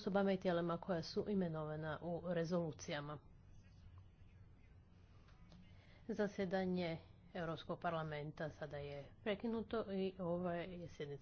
osobama i tijelima koja su imenovana u rezolucijama. Zasjedanje Europskog parlamenta sada je prekinuto i ova je sjednica.